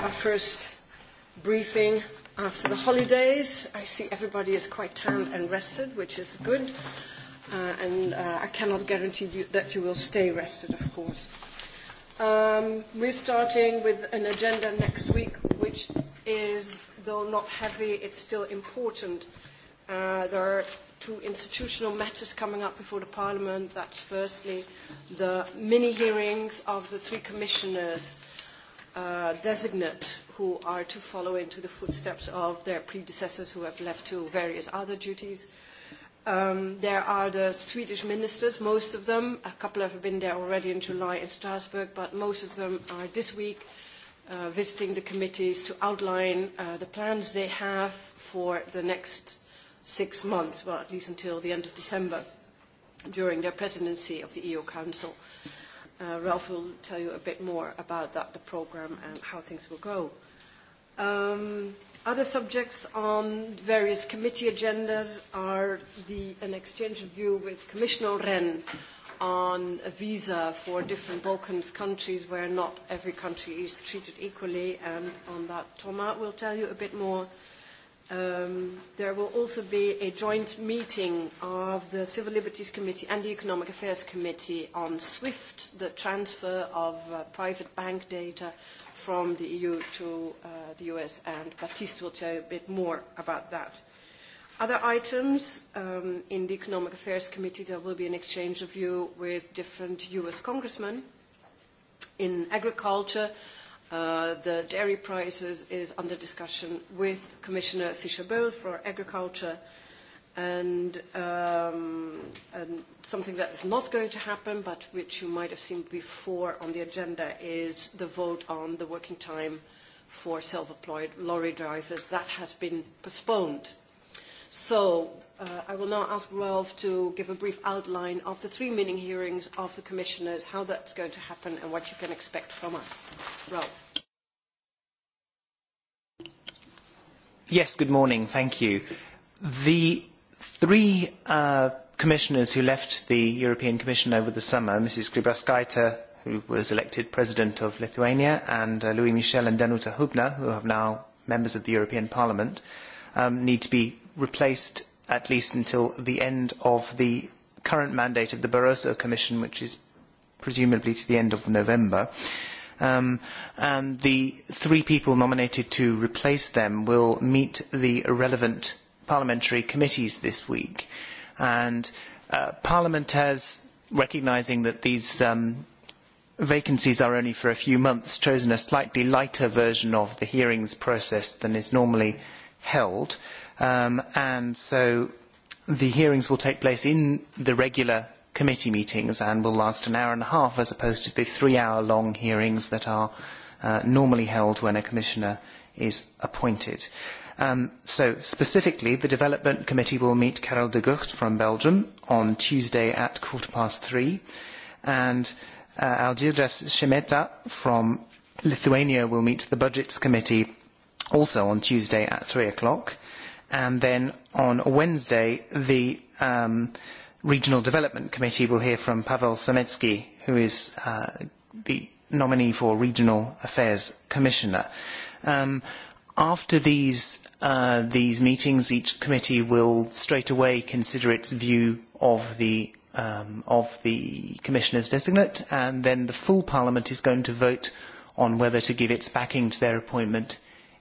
Our first briefing after the holidays. I see everybody is quite tanned and rested, which is good. Uh, and uh, I cannot guarantee you that you will stay rested, of course. Um, we're starting with an agenda next week, which is, though not heavy, it's still important. Uh, there are two institutional matters coming up before the Parliament. That's firstly the mini-hearings of the three commissioners – uh, designate who are to follow into the footsteps of their predecessors who have left to various other duties. Um, there are the Swedish ministers, most of them. A couple have been there already in July in Strasbourg, but most of them are this week uh, visiting the committees to outline uh, the plans they have for the next six months, well, at least until the end of December, during their presidency of the EU Council. Uh, Uh, Ralph will tell you a bit more about that, the program, and how things will go. Um, other subjects on various committee agendas are the, an exchange of view with Commissioner Ren on a visa for different Balkans countries where not every country is treated equally, and on that Thomas will tell you a bit more there will also be a joint meeting of the Civil Liberties Committee and the Economic Affairs Committee on SWIFT, the transfer of private bank data from the EU to the US, and Baptiste will tell you a bit more about that. Other items in the Economic Affairs Committee, there will be an exchange of view with different US congressmen in agriculture the dairy prices is under discussion with Commissioner Fischer boel for agriculture and, um, and something that is not going to happen but which you might have seen before on the agenda is the vote on the working time for self-employed lorry drivers. That has been postponed. So uh, I will now ask Ralph to give a brief outline of the three mini hearings of the commissioners, how that's going to happen and what you can expect from us. Ralph. Yes, good morning. Thank you. The three commissioners who left the European Commission over the summer, Mrs. Grybauskaite, who was elected president of Lithuania, and Louis Michel and Danuta Hubner, who are now members of the European Parliament, need to be replaced at least until the end of the current mandate of the Barroso Commission, which is presumably to the end of November. Uh, and the three people nominated to replace them will meet the relevant parliamentary committees this week. And Parliament has, recognising that these vacancies are only for a few months, chosen a slightly lighter version of the hearings process than is normally held. and so the hearings will take place in the regular committee meetings and will last an hour and a half as opposed to the three hour long hearings that are uh, normally held when a commissioner is appointed. Um, so specifically, the Development Committee will meet Carol de Gucht from Belgium on Tuesday at quarter past three, and uh, Algirdas Shemeta from Lithuania will meet the Budgets Committee also on Tuesday at three o'clock, and then on Wednesday, the um, Regional Development Committee, will hear from Pavel Sametsky, who is uh, the nominee for Regional Affairs Commissioner. Um, after these, uh, these meetings, each committee will straight away consider its view of the, um, of the Commissioners designate, and then the full Parliament is going to vote on whether to give its backing to their appointment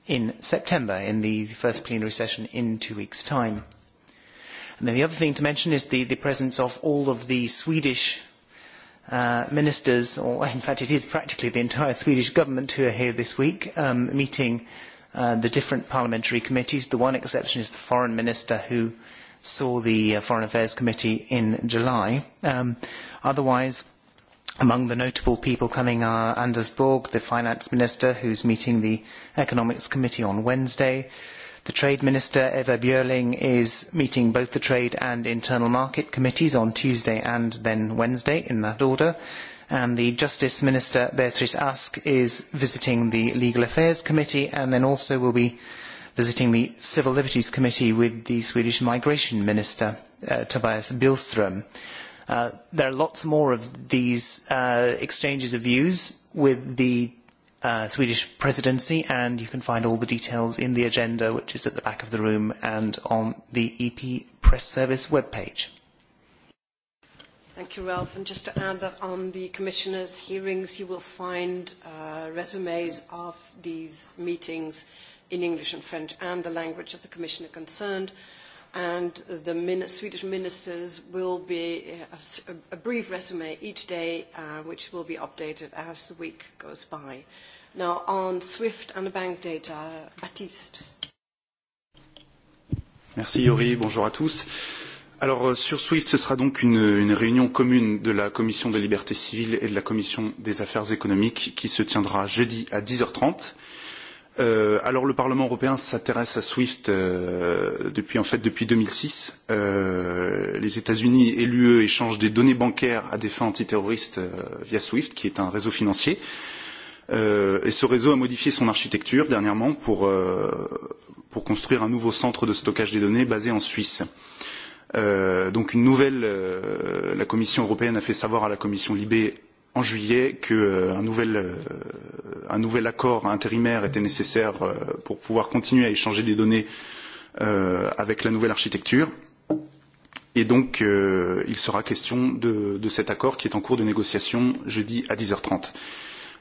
in September, in the first plenary session in two weeks' time the other thing to mention is the, the presence of all of the Swedish ministers, or in fact it is practically the entire Swedish government who are here this week, um, meeting the different parliamentary committees. The one exception is the foreign minister who saw the Foreign Affairs Committee in July. otherwise, among the notable people coming are Anders Borg, the finance minister, who's meeting the Economics Committee on Wednesday, The Trade Minister, Eva Björling, is meeting both the Trade and Internal Market Committees on Tuesday and then Wednesday, in that order. And the Justice Minister, Beatrice Ask, is visiting the Legal Affairs Committee and then also will be visiting the Civil Liberties Committee with the Swedish Migration Minister, Tobias Billström. there are lots more of these exchanges of views with the uh, Swedish presidency, and you can find all the details in the agenda, which is at the back of the room and on the EP Press Service webpage. Thank you, Ralph. And just to add that on the commissioners' hearings, you will find uh, resumes of these meetings in English and French and the language of the commissioner concerned and the Swedish ministers will be a brief resume each day, which will be updated as the week goes by. Now, on SWIFT and the bank data, Baptiste. Merci Yori, bonjour à tous. Alors sur SWIFT, ce sera donc une, réunion commune de la Commission des libertés civiles et de la Commission des affaires économiques qui se tiendra jeudi à dix heures trente alors le Parlement européen s'intéresse à SWIFT depuis en fait depuis 2006. Euh, les États-Unis et l'UE échangent des données bancaires à des fins antiterroristes via SWIFT, qui est un réseau financier. et ce réseau a modifié son architecture dernièrement pour pour construire un nouveau centre de stockage des données basé en Suisse. donc une nouvelle, la Commission européenne a fait savoir à la Commission Libé en juillet qu'un nouvel, accord intérimaire était nécessaire pour pouvoir continuer à échanger des données avec la nouvelle architecture. Et donc, il sera question de, cet accord qui est en cours de négociation jeudi à dix heures trente.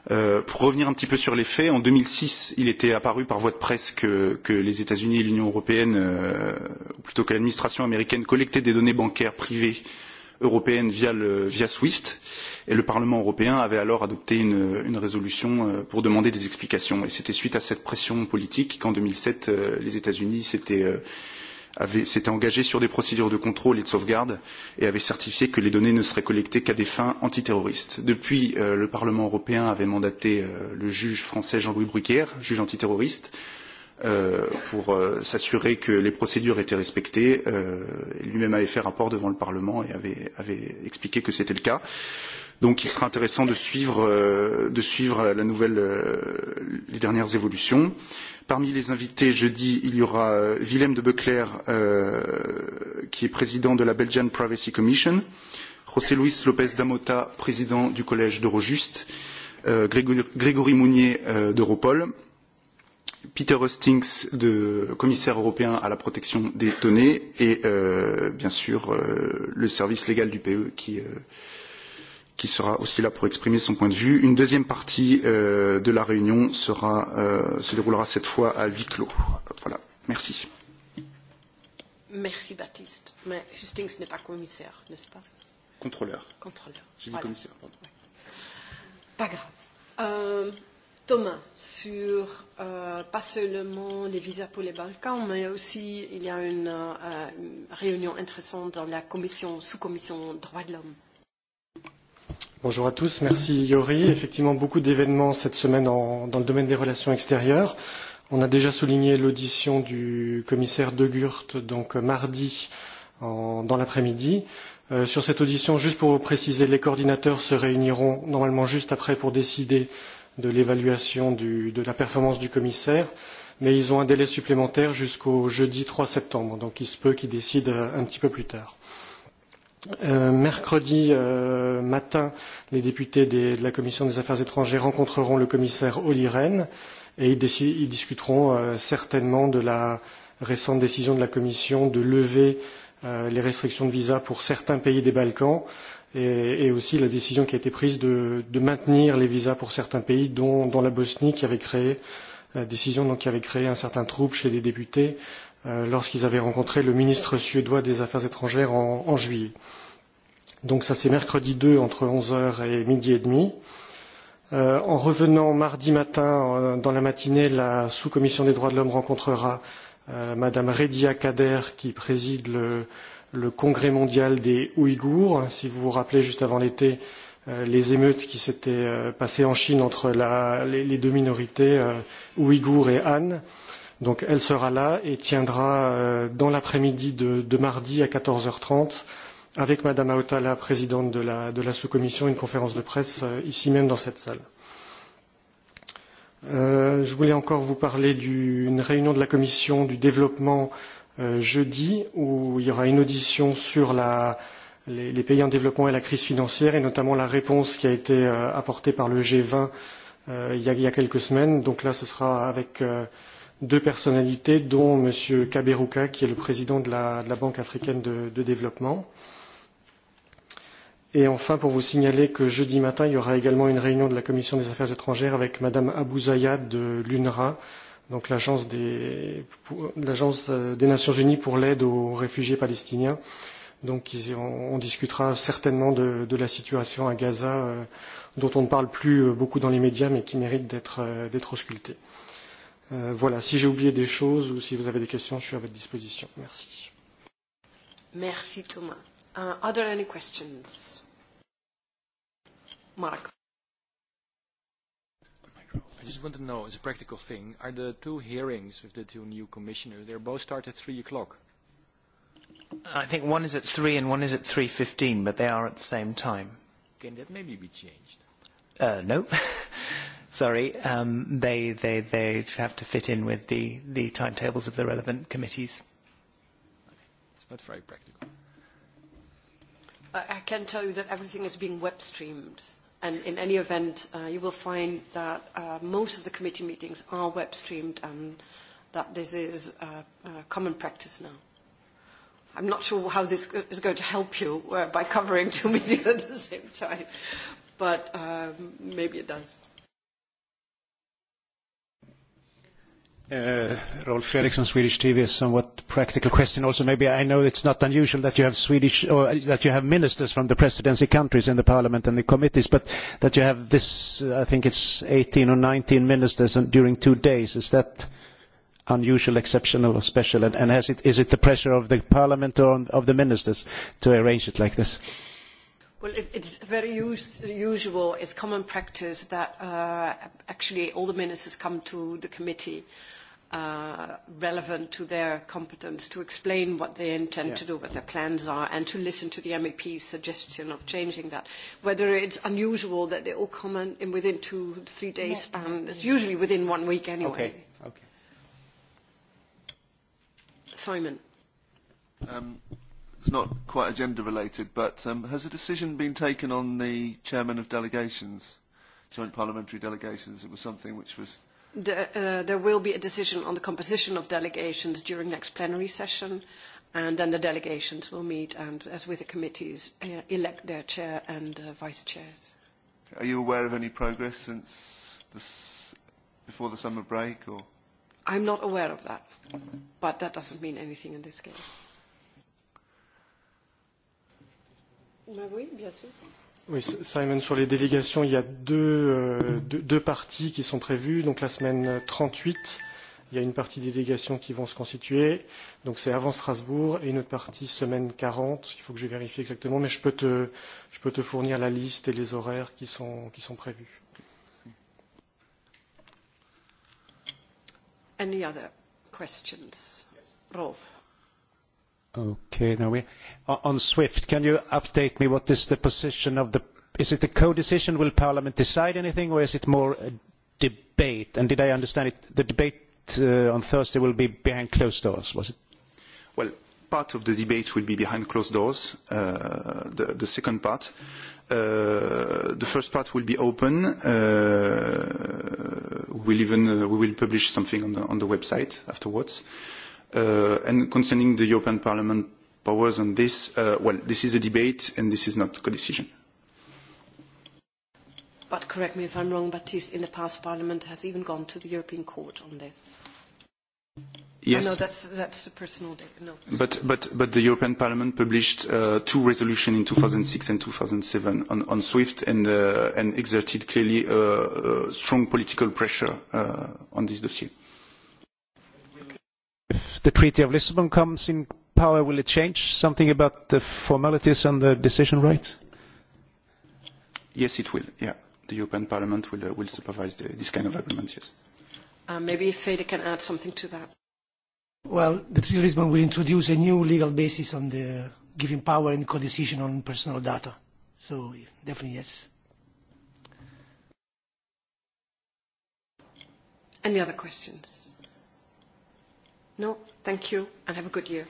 pour revenir un petit peu sur les faits, en deux mille six, il était apparu par voie de presse que, les États-Unis et l'Union européenne, ou plutôt que l'administration américaine, collectaient des données bancaires privées euh, européenne via, SWIFT. Et le Parlement européen avait alors adopté une, résolution pour demander des explications. Et c'était suite à cette pression politique qu'en deux mille sept, les États-Unis s'étaient s'était engagé sur des procédures de contrôle et de sauvegarde et avait certifié que les données ne seraient collectées qu'à des fins antiterroristes. Depuis, le Parlement européen avait mandaté le juge français Jean-Louis Bruguière, juge antiterroriste, pour s'assurer que les procédures étaient respectées. Lui-même avait fait rapport devant le Parlement et avait, avait expliqué que c'était le cas. Donc il sera intéressant de suivre, de suivre la nouvelle, les dernières évolutions. Parmi les invités, jeudi, il y aura Willem de Beclerc, qui est président de la Belgian Privacy Commission, José Luis López Damota, président du collège d'Eurojust, Grégory Mounier d'Europol, Peter Hustings, de, commissaire européen à la protection des données, et euh, bien sûr euh, le service légal du PE qui, euh, qui sera aussi là pour exprimer son point de vue. Une deuxième partie euh, de la réunion sera, euh, se déroulera cette fois à huis clos. Voilà, merci. Merci Baptiste. Mais Hustings n'est pas commissaire, n'est-ce pas Contrôleur. Contrôleur. J'ai dit commissaire, pardon. Pas grave. Euh, Thomas sur euh, pas seulement les visas pour les Balkans, mais aussi il y a une, euh, une réunion intéressante dans la commission, sous-commission droits de l'homme. Bonjour à tous, merci Yori. Effectivement, beaucoup d'événements cette semaine en, dans le domaine des relations extérieures. On a déjà souligné l'audition du commissaire De Gucht, donc mardi en, dans l'après-midi sur cette audition, juste pour vous préciser, les coordinateurs se réuniront normalement juste après pour décider de l'évaluation de la performance du commissaire, mais ils ont un délai supplémentaire jusqu'au jeudi 3 septembre, donc il se peut qu'ils décident un petit peu plus tard. mercredi matin, les députés de la Commission des affaires étrangères rencontreront le commissaire Olli Rehn et ils, discuteront certainement de la récente décision de la Commission de lever les restrictions de visa pour certains pays des Balkans et, aussi la décision qui a été prise de, maintenir les visas pour certains pays, dont, la Bosnie, qui avait créé décision qui avait créé un certain trouble chez des députés lorsqu'ils avaient rencontré le ministre suédois des Affaires étrangères en, juillet. Donc ça c'est mercredi 2 entre 11h et midi et demi. en revenant mardi matin, dans la matinée, la sous-commission des droits de l'homme rencontrera Madame Redia Kader qui préside le, Congrès mondial des Ouïghours. Si vous vous rappelez, juste avant l'été, les émeutes qui s'étaient passées en Chine entre les, deux minorités Ouïghours et Han. Donc elle sera là et tiendra dans l'après-midi de, mardi à quatorze h trente, avec Madame Aotala, présidente de la, sous-commission, une conférence de presse ici même dans cette salle je voulais encore vous parler d'une réunion de la commission du développement jeudi où il y aura une audition sur les, pays en développement et la crise financière et notamment la réponse qui a été apportée par le g vingt il, y a, quelques semaines. Donc là, ce sera avec deux personnalités, dont M. Kaberuka, qui est le président de la, Banque africaine de, développement. Euh, Et enfin, pour vous signaler que jeudi matin, il y aura également une réunion de la Commission des Affaires étrangères avec Madame Abou Zayad de l'UNRWA, donc l'agence des, des Nations Unies pour l'aide aux réfugiés palestiniens. Donc on, discutera certainement de, de la situation à Gaza, dont on ne parle plus beaucoup dans les médias, mais qui mérite d'être auscultée. voilà, si j'ai oublié des choses ou si vous avez des questions, je suis à votre disposition. Merci. Merci Thomas. Uh, are there any questions? Mark. I just want to know, as a practical thing, are the two hearings with the two new commissioners, they both start at 3 o'clock? I think one is at 3 and one is at 3.15, but they are at the same time. Can that maybe be changed? Uh, no. Sorry. Um, they, they, they have to fit in with the, the timetables of the relevant committees. It's not very practical. I can tell you that everything is being web streamed And in any event, uh, you will find that uh, most of the committee meetings are web streamed and that this is uh, uh, common practice now. I'm not sure how this is going to help you uh, by covering two meetings at the same time, but um, maybe it does. Rolf Eriksson, Swedish TV. A somewhat practical question also. Maybe I know it's not unusual that you have Swedish or that you have ministers from the presidency countries in the parliament and the committees, but that you have this, I think it's 18 or 19 ministers during two days. Is that unusual, exceptional, or special? And and has it is it the pressure of the parliament or of the ministers to arrange it like this? Well, it, it's very usual. It's common practice that uh, actually all the ministers come to the committee relevant to their competence to explain what they intend to do, what their plans are, and to listen to the MEP's suggestion of changing that. Whether it's unusual that they all come in in within two, three days span, it's usually within one week anyway. Okay, okay. Simon. Um, it's not quite agenda related, but um, has a decision been taken on the chairman of delegations, joint parliamentary delegations? It was something which was there will be a decision on the composition of delegations during next plenary session, and then the delegations will meet and, as with the committees, elect their chair and uh vice chairs. Are you aware of any progress since this, before the summer break, or? I'm not aware of that, but that doesn't mean anything in this case. oui, bien sûr. Oui, Simon, sur les délégations, il y a deux, euh, deux, deux parties qui sont prévues. Donc la semaine 38, il y a une partie des délégations qui vont se constituer. Donc c'est avant Strasbourg et une autre partie semaine 40. Il faut que je vérifie exactement, mais je peux te, je peux te fournir la liste et les horaires qui sont, qui sont prévus. Any other questions? Rolf. Okay, now we on SWIFT, can you update me what is the position of the... Is it a co-decision? Will Parliament decide anything, or is it more a debate? And did I understand it, the debate uh on Thursday will be behind closed doors, was it? Well, part of the debate will be behind closed doors, Uh the, the second part. Uh the first part will be open. Uh, we'll even, uh we will publish something on the, on the website afterwards. Uh, and concerning the European Parliament powers on this, well, this is a debate and this is not co-decision. But correct me if I'm wrong, Baptiste, in the past Parliament has even gone to the European Court on this. Yes. no, that's, that's the personal No. But, but, but the European Parliament published uh, two resolutions in 2006 and 2007 on, on SWIFT and, uh, and exerted clearly uh, uh, strong political pressure uh, on this dossier the Treaty of Lisbon comes in power, will it change something about the formalities and the decision rights? Yes, it will. Yeah, the European Parliament will uh, will supervise the, this kind of agreement. Yes. Uh, maybe Fede can add something to that. Well, the Treaty of Lisbon will introduce a new legal basis on the giving power and co-decision on personal data. So definitely yes. Any other questions? No, thank you and have a good year.